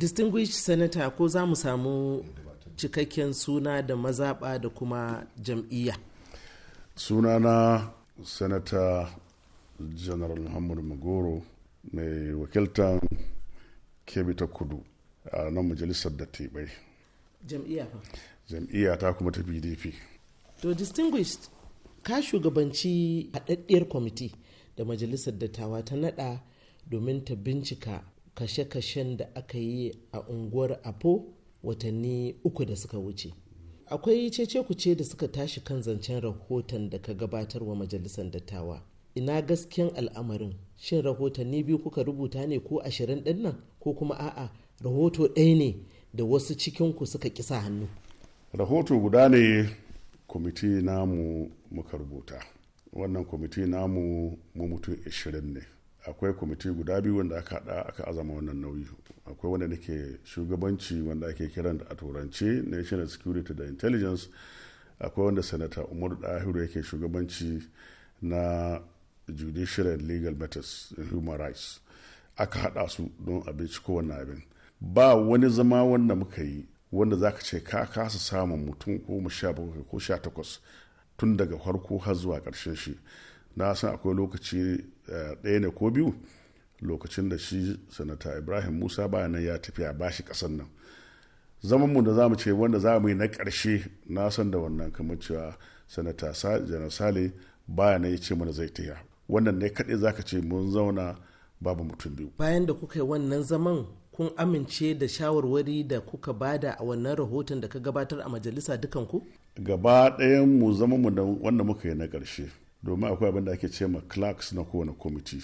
distinguished senator ko za mu samu cikakken suna da mazaɓa da kuma jam'iyya sunana senator general muhammadu magoro mai wakiltan kebe ta kudu a nan majalisar da dattibai jam'iyya fa jam'iyya ta kuma ta pdp to distinguished ka shugabanci haɗaɗɗiyar kwamiti da majalisar dattawa ta naɗa domin ta bincika kashe-kashen da aka yi a unguwar apo watanni uku da suka wuce akwai cece-kuce da suka tashi kan zancen rahoton da ka gabatar wa majalisar dattawa ina gaskiyan al'amarin shin rahotanni biyu kuka rubuta ne ko ashirin din nan ko kuma a'a rahoto ɗaya ne da wasu cikinku suka kisa hannu rahoto guda ne kwamiti namu muka rubuta wannan kwamiti namu mu mutum ashirin ne akwai kwamiti guda biyu wanda aka haɗa aka azama wannan nauyi akwai wanda nake shugabanci wanda ake kiran da a turance national security da intelligence akwai wanda sanata umaru dahiru yake shugabanci na judicial and legal matters and human rights aka haɗa su don a binciko wannan abin ba wani zama wanda muka yi wanda za ka ce ka kasa samun mutum ko mu sha bakwai ko sha takwas tun daga farko har zuwa ƙarshen shi na san akwai lokaci eh, ɗaya ne ko biyu lokacin da shi sanata ibrahim musa bayanan ya tafi a bashi kasan nan zaman mu da mu ce wanda za mu yi na ƙarshe na san da wannan kamar cewa sanata janar sale bayanan ya ce mana zai tafiya wannan ne kaɗai za ka ce mun zauna babu mutum biyu bayan da kuka yi wannan zaman kun amince da shawarwari da kuka bada a wannan rahoton da ka gabatar a majalisa dukanku gaba ɗayan mu zaman mu da wanda muka yi na ƙarshe domin akwai abin da ake ce ma clerks na kowane kwamiti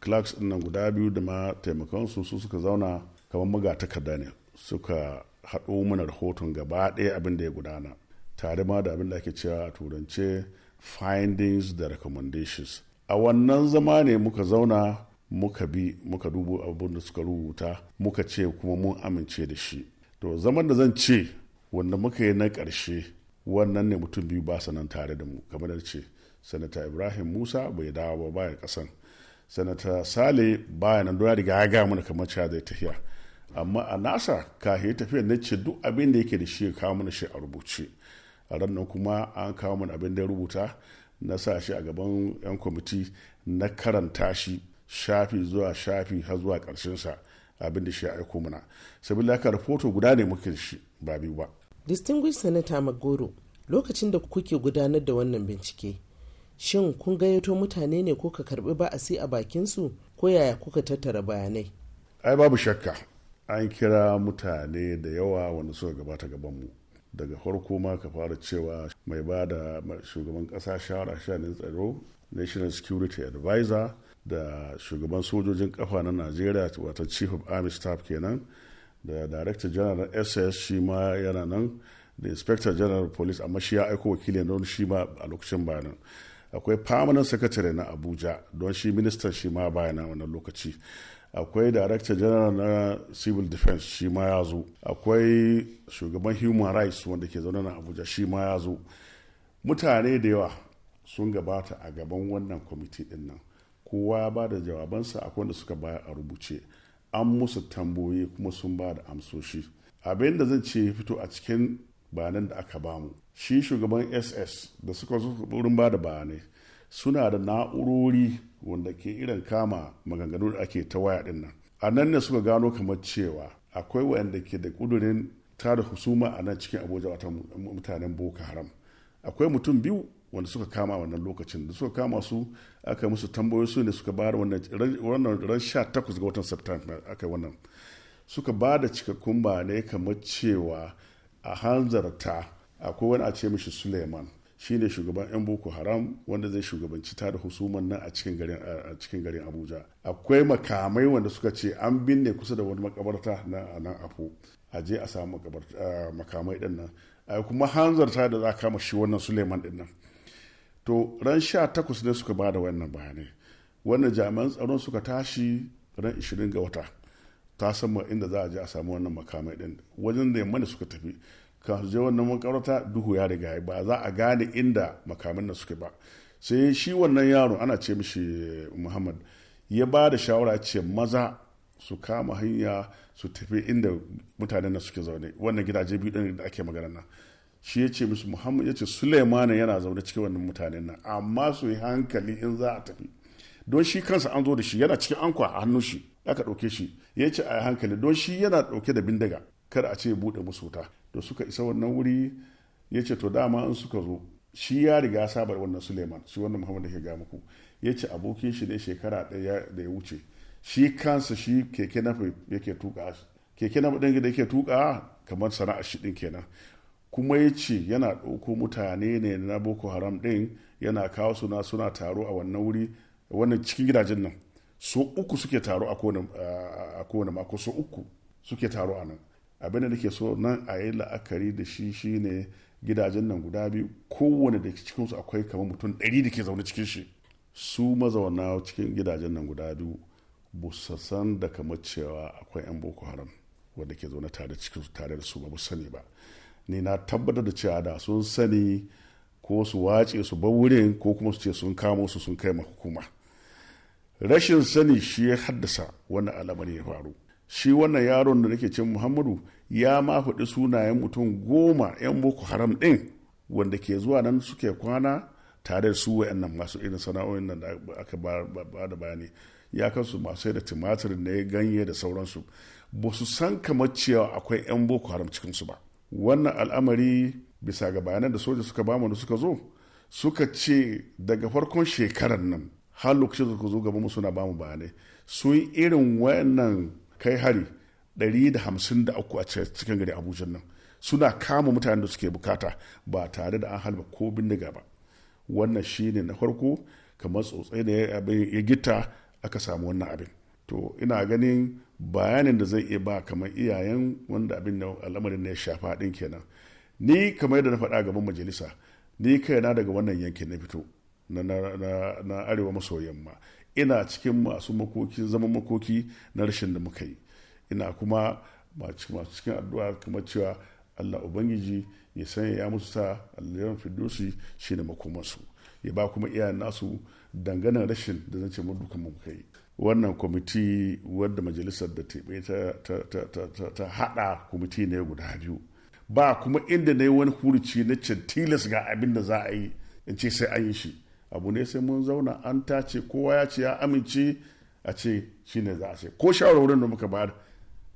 clerks ɗin nan guda biyu da ma taimakonsu su suka zauna kamar magatakarda ne suka haɗo mana rahoton gaba ɗaya abin da ya gudana tare ma da abin da ake cewa a turance findings da recommendations a wannan zama ne muka zauna muka bi muka dubo abin da suka rubuta muka ce kuma mun amince da shi to zaman da zan ce wanda muka yi na ƙarshe wannan ne mutum biyu ba nan tare da mu kamar da ce sanata ibrahim musa bai dawo ba baya kasan sanata sale baya nan ya riga ya mana kamar cewa zai tafiya amma a nasa yi tafiya na ce duk abin da yake da shi ya kawo mana shi a rubuce a ran kuma an kawo mana abin da ya rubuta na sa shi a gaban 'yan kwamiti na karanta shi shafi zuwa shafi har zuwa karshen sa abin da shi ya aiko mana saboda haka rahoto guda ne muke shi ba biyu ba distinguished senator magoro lokacin da kuke gudanar da wannan bincike shin kun gayyato mutane ne ko ka karbi ba'asi a su ko yaya kuka tattara bayanai ai babu shakka an kira mutane da yawa wanda suka gabata gabanmu daga farko ma ka fara cewa mai ba da shugaban ƙasa shawara shanin tsaro national security advisor da shugaban sojojin kafa na najeriya wata chief of army staff kenan da director general ss shi ma yana nan da inspector general police amma shi ya aiko wakili don shi ma a lokacin bayanan akwai famanin sakatare na abuja don shi ministan shi ma baya na lokaci akwai director general na civil defense shi ma ya zo akwai shugaban human rights wanda ke zaune na abuja shi ma ya zo mutane da yawa sun gabata a gaban wannan kwamiti din nan kowa ya ba da jawabansa akwai wanda suka baya a rubuce an musu tambayoyi kuma sun ba da amsoshi abin da zan ce fito a cikin bayanan da aka bamu shi shugaban ss da suka zo wurin ba da bayanai suna da na'urori wanda ke irin kama maganganu da ake ta waya din a nan ne suka gano kamar cewa akwai wayanda ke da kudurin tada husuma a nan cikin abuja wata mutanen boko haram akwai mutum biyu wanda suka kama wannan lokacin da suka kama su aka musu tambayoyi su ne suka ba da wannan ran 18 takwas ga watan september aka wannan suka ba da cikakkun bayanai kamar cewa a hanzarta akwai wani a ce mishi suleiman shi ne shugaban 'yan boko haram wanda zai shugabanci ta da husuman nan a cikin garin abuja akwai makamai wanda suka ce an binne kusa da wani makabarta na a nan afo a je a samu makamai din nan a kuma hanzarta da za kama shi wannan suleiman din nan to ran sha takwas ne suka ba da wannan bayanai wannan jami'an tsaron suka tashi ran 20 ga wata ta sama inda za a je a samu wannan makamai din wajen da yamma suka tafi kan je wannan makabarta duhu ya riga ba za a gane inda makamin na suke ba sai shi wannan yaro ana ce mishi muhammad ya ba da shawara ce maza su kama hanya su tafi inda mutanen na suke zaune wannan gidaje biyu din da ake magana nan shi ya ce musu muhammad ya ce yana zaune cikin wannan mutanen nan amma su yi hankali in za a tafi don shi kansa an zo da shi yana cikin ankwa a hannun shi aka ɗauke shi ya ce a yi hankali don shi yana ɗauke da bindiga kar a ce buɗe musu wuta da suka isa wannan wuri ya ce to dama in suka zo shi ya riga saba wannan suleiman shi wannan muhammad da ke ga muku ya ce abokin shi ne shekara ɗaya da ya wuce shi kansa shi keke nafi yake tuka keke nafi ɗin da yake tuka kamar sana'a shi ɗin kenan kuma ya ce yana ɗauko mutane ne na boko haram ɗin yana kawo suna suna taro a wannan wuri wannan cikin gidajen nan so uku suke taro a kowane mako so uku suke taro a nan abin da nake so nan a yi la'akari da shi shine gidajen nan guda biyu kowane da cikinsu akwai kamar mutum ɗari da ke zaune cikin shi su mazauna cikin gidajen nan guda biyu busa san da kamar cewa akwai 'yan boko haram wanda ke zaune tare cikin su tare da su ba sani ba ni na tabbatar da cewa da sun sani ko su wace su ba wurin ko kuma su ce sun kamo su sun kai ma hukuma rashin sani shi ya haddasa wannan al'amari ya faru shi wannan yaron da nake cin muhammadu ya ma faɗi sunayen mutum goma 'yan boko haram ɗin wanda ke zuwa nan suke kwana tare da su wayannan masu irin sana'o'in nan da aka ba da bayani ya kansu masu da tumatir ne ganye da sauransu ba su san kamar cewa akwai 'yan boko haram cikinsu ba wannan al'amari bisa ga bayanan da soja suka bamu da suka zo suka ce daga farkon shekarar nan har lokacin da zo gaba mu suna bamu bayanai sun irin wannan kai hari 153 a cikin gari abuja nan suna kama mutanen da suke bukata ba tare da an halba ko bindiga ba wannan shine na farko kamar tsotsai da ya gita aka samu wannan abin to ina ganin bayanin da zai iya ba kamar iyayen wanda abin da al'amarin ya shafa din kenan ni kamar yadda na faɗa gaban majalisa ni kaina daga wannan yankin na fito na arewa maso yamma ina cikin masu makoki zaman makoki na rashin da muka yi ina kuma masu cikin addu'a kamar cewa allah ubangiji ya sanya ya musu sa allayan fidusi shi ne makomansu ya ba kuma iya nasu dangane rashin da zan ce mu yi wannan kwamiti wadda majalisar da ta hada kwamiti ne guda biyu ba kuma inda na yi wani hurici na cin tilas ga abin da za a yi in ce sai an yi shi abu ne sai mun zauna an tace kowa ya ce ya amince a ce shine za a ce ko shawarwarin da muka bayar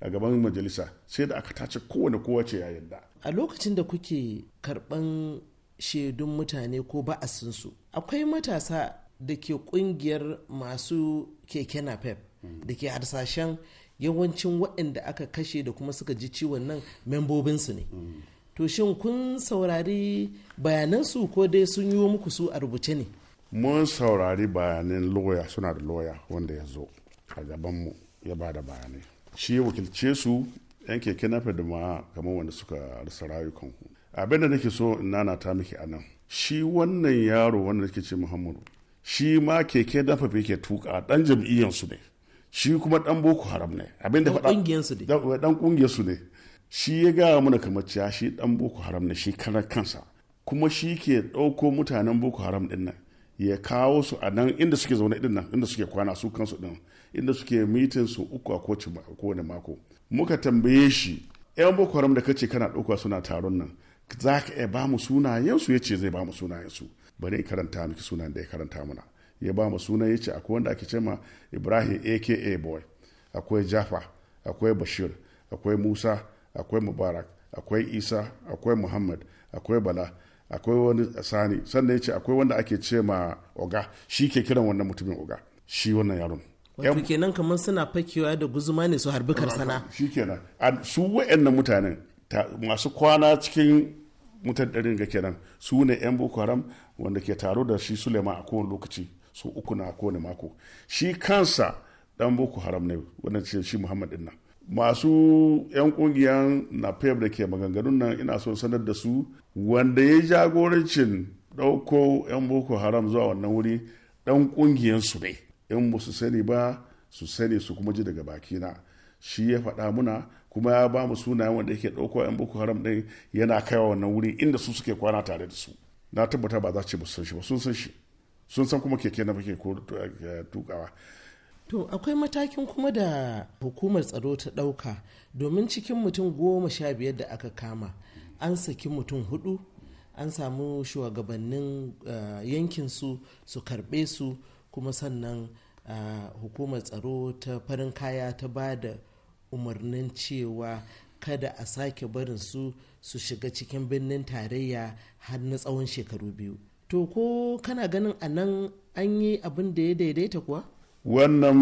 a gaban majalisa sai da aka tace kowane kowa ce ya yarda a lokacin da kuke karban shaidun mutane ko ba'asinsu akwai matasa da ke kungiyar masu keke napep da ke harsashen yawancin waɗanda aka kashe da kuma suka ji ciwon nan membobinsu ne mm. to shin kun saurari bayanansu ko dai sun yi muku su a rubuce ne mun saurari bayanan loya suna da loya wanda ya zo a gabanmu ya ba da bayanai shi ya wakilce su yan keke na ma kamar wanda suka rasa ku. abin da nake so in nana ta miki a nan shi wannan yaro wanda nake ce muhammadu shi ma keke dafa ke tuka dan jam'iyyansu ne shi kuma dan boko haram ne abin da faɗa dan kungiyarsu ne shi ya gaya mana kamar cewa shi dan boko haram ne shi kanar kansa kuma shi ke ɗauko mutanen boko haram ɗin nan ya kawo su a nan inda suke zaune din nan inda suke kwana su kansu ɗin inda suke mitin su uku a kowane mako muka tambaye shi yan boko haram da kace kana ɗauka suna taron nan za ka iya ba mu yansu ya ce zai ba mu sunayensu bari in karanta miki sunan da ya karanta mana ya ba mu sunan ya ce akwai wanda ake ma ibrahim aka boy akwai jafa akwai bashir akwai musa akwai mubarak akwai isa akwai muhammad akwai bala akwai wani sani sannan ya ce akwai wanda ake ce ma oga shi ke kiran wannan mutumin oga shi wannan yaron wato kenan kamar suna fakewa da guzuma ne su harbi karsana shi kenan su wa'annan mutanen masu kwana cikin mutan ɗarin ga kenan su ne yan boko haram wanda ke taro da shi suleiman a kowane lokaci su uku na kowane mako shi kansa dan boko haram ne wannan ce shi muhammad din nan masu 'yan kungiyar napep e da ke maganganun nan ina son sanar da su wanda ya jagorancin ɗauko 'yan boko haram zuwa wannan wuri ɗan su ne in ba su sani ba su sani su kuma ji daga bakina shi ya faɗa muna kuma ya ba mu sunayen wanda yake dauko 'yan boko haram ɗin yana kaiwa wannan wuri inda su suke kwana tare da su na tabbata ba za ce ba su san shi ba sun san shi sun san kuma keke na muke eh, tukawa To akwai matakin kuma da hukumar tsaro ta ɗauka domin cikin mutum goma sha biyar da aka kama an saki mutum hudu an samu shugabannin eh, yankinsu su karɓe su kuma sannan eh, hukumar tsaro ta farin kaya ta ba da umarnin cewa kada a sake barin su su shiga cikin birnin tarayya har na tsawon shekaru biyu. To ko kana ganin a nan an yi abin da ya daidaita kuwa? wannan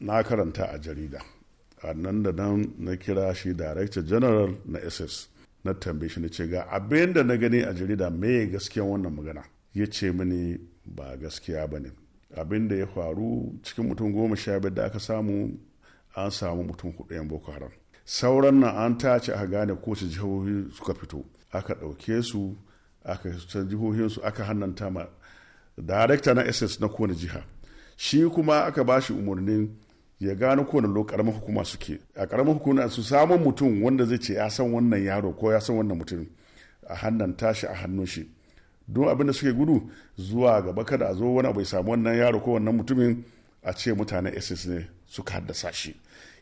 na karanta a jarida a nan da nan na kira shi director general na ss na tambaye shi na ce ga abin da na gani a jarida me gaskiyan wannan magana ya ce mini ba gaskiya ba ne abin da ya faru cikin mutum goma sha biyar da aka samu an samu mutum hudu yan boko haram sauran nan an tace aka gane su jihohi suka fito aka ɗauke su aka jihohinsu aka hannanta ma darekta na ss na kowane jiha shi kuma aka ba shi umarnin ya gano kowane lo karamar hukuma suke a karamin hukuma su samun mutum wanda zai ce ya san wannan yaro ko ya san wannan mutum a hannun tashi a hannun shi don abin da suke gudu zuwa gaba kada a zo wani bai samu wannan yaro ko wannan mutumin a ce mutanen ss ne suka haddasa shi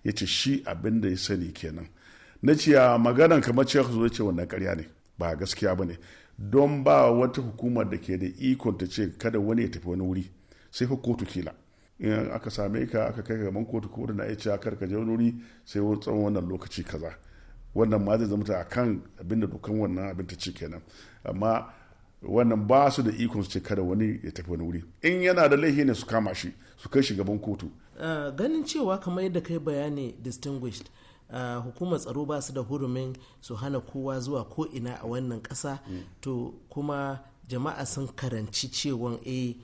ya ce shi abinda ya sani kenan na ciya maganan kamar ce ya ce wannan karya ne ba gaskiya ba ne don ba wata hukumar da ke da ikon ta ce kada wani ya tafi wani wuri sai fa kotu kila in aka same ka aka kai gaban kotu ko da na iya cewa kar ka je wuri sai wani tsawon wannan lokaci kaza wannan ma zai zama a kan abin da dokan wannan abin ta ci kenan amma wannan ba su da ikon su ce kada wani ya tafi wani wuri in yana da laifi ne su kama shi su kai shi gaban kotu eh, ganin cewa kamar yadda kai bayani distinguished Uh, hukumar tsaro ba su da hurumin su hana kowa zuwa ko'ina a wannan kasa mm. to kuma jama'a sun karanci cewan eh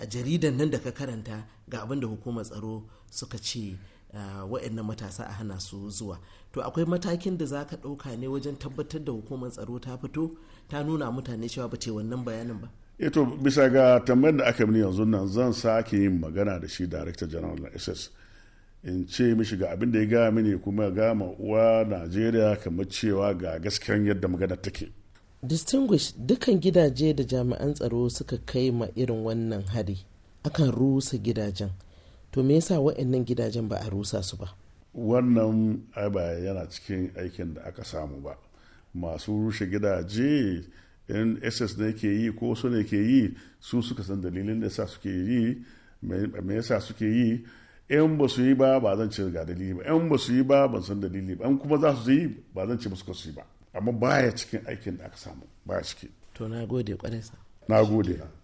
a jaridan nan da ka karanta ga abin da hukumar tsaro suka ce ah, wa'annan matasa a hana su zuwa to akwai matakin da za ka ɗauka ne wajen tabbatar da hukumar tsaro ta fito ta nuna mutane cewa ba ce wannan bayanin ba eto eh bisa ga tambayar da aka mini yanzu nan zan sake yin magana da shi director general na ss in ce mishi ga abin da ya gaya mini kuma ya gama uwa najeriya kamar cewa ga gaskiyan yadda magana take distinguish dukkan gidaje da jami'an tsaro suka kai ma irin wannan hari akan rusa gidajen to me yasa wa'annan gidajen ba a rusa su ba wannan ba yana cikin aikin da aka samu ba masu rushe gidaje in ss ne ke yi ko su ne ke yi su suka san dalilin da sa suke yi me yasa suke yi in ba su yi ba ba zan ce ga dalili ba in ba su yi ba ban san dalili ba in kuma za su yi ba zan ce suka su yi ba amma baya cikin aikin da aka samu baya ciki to na gode kwarai na gode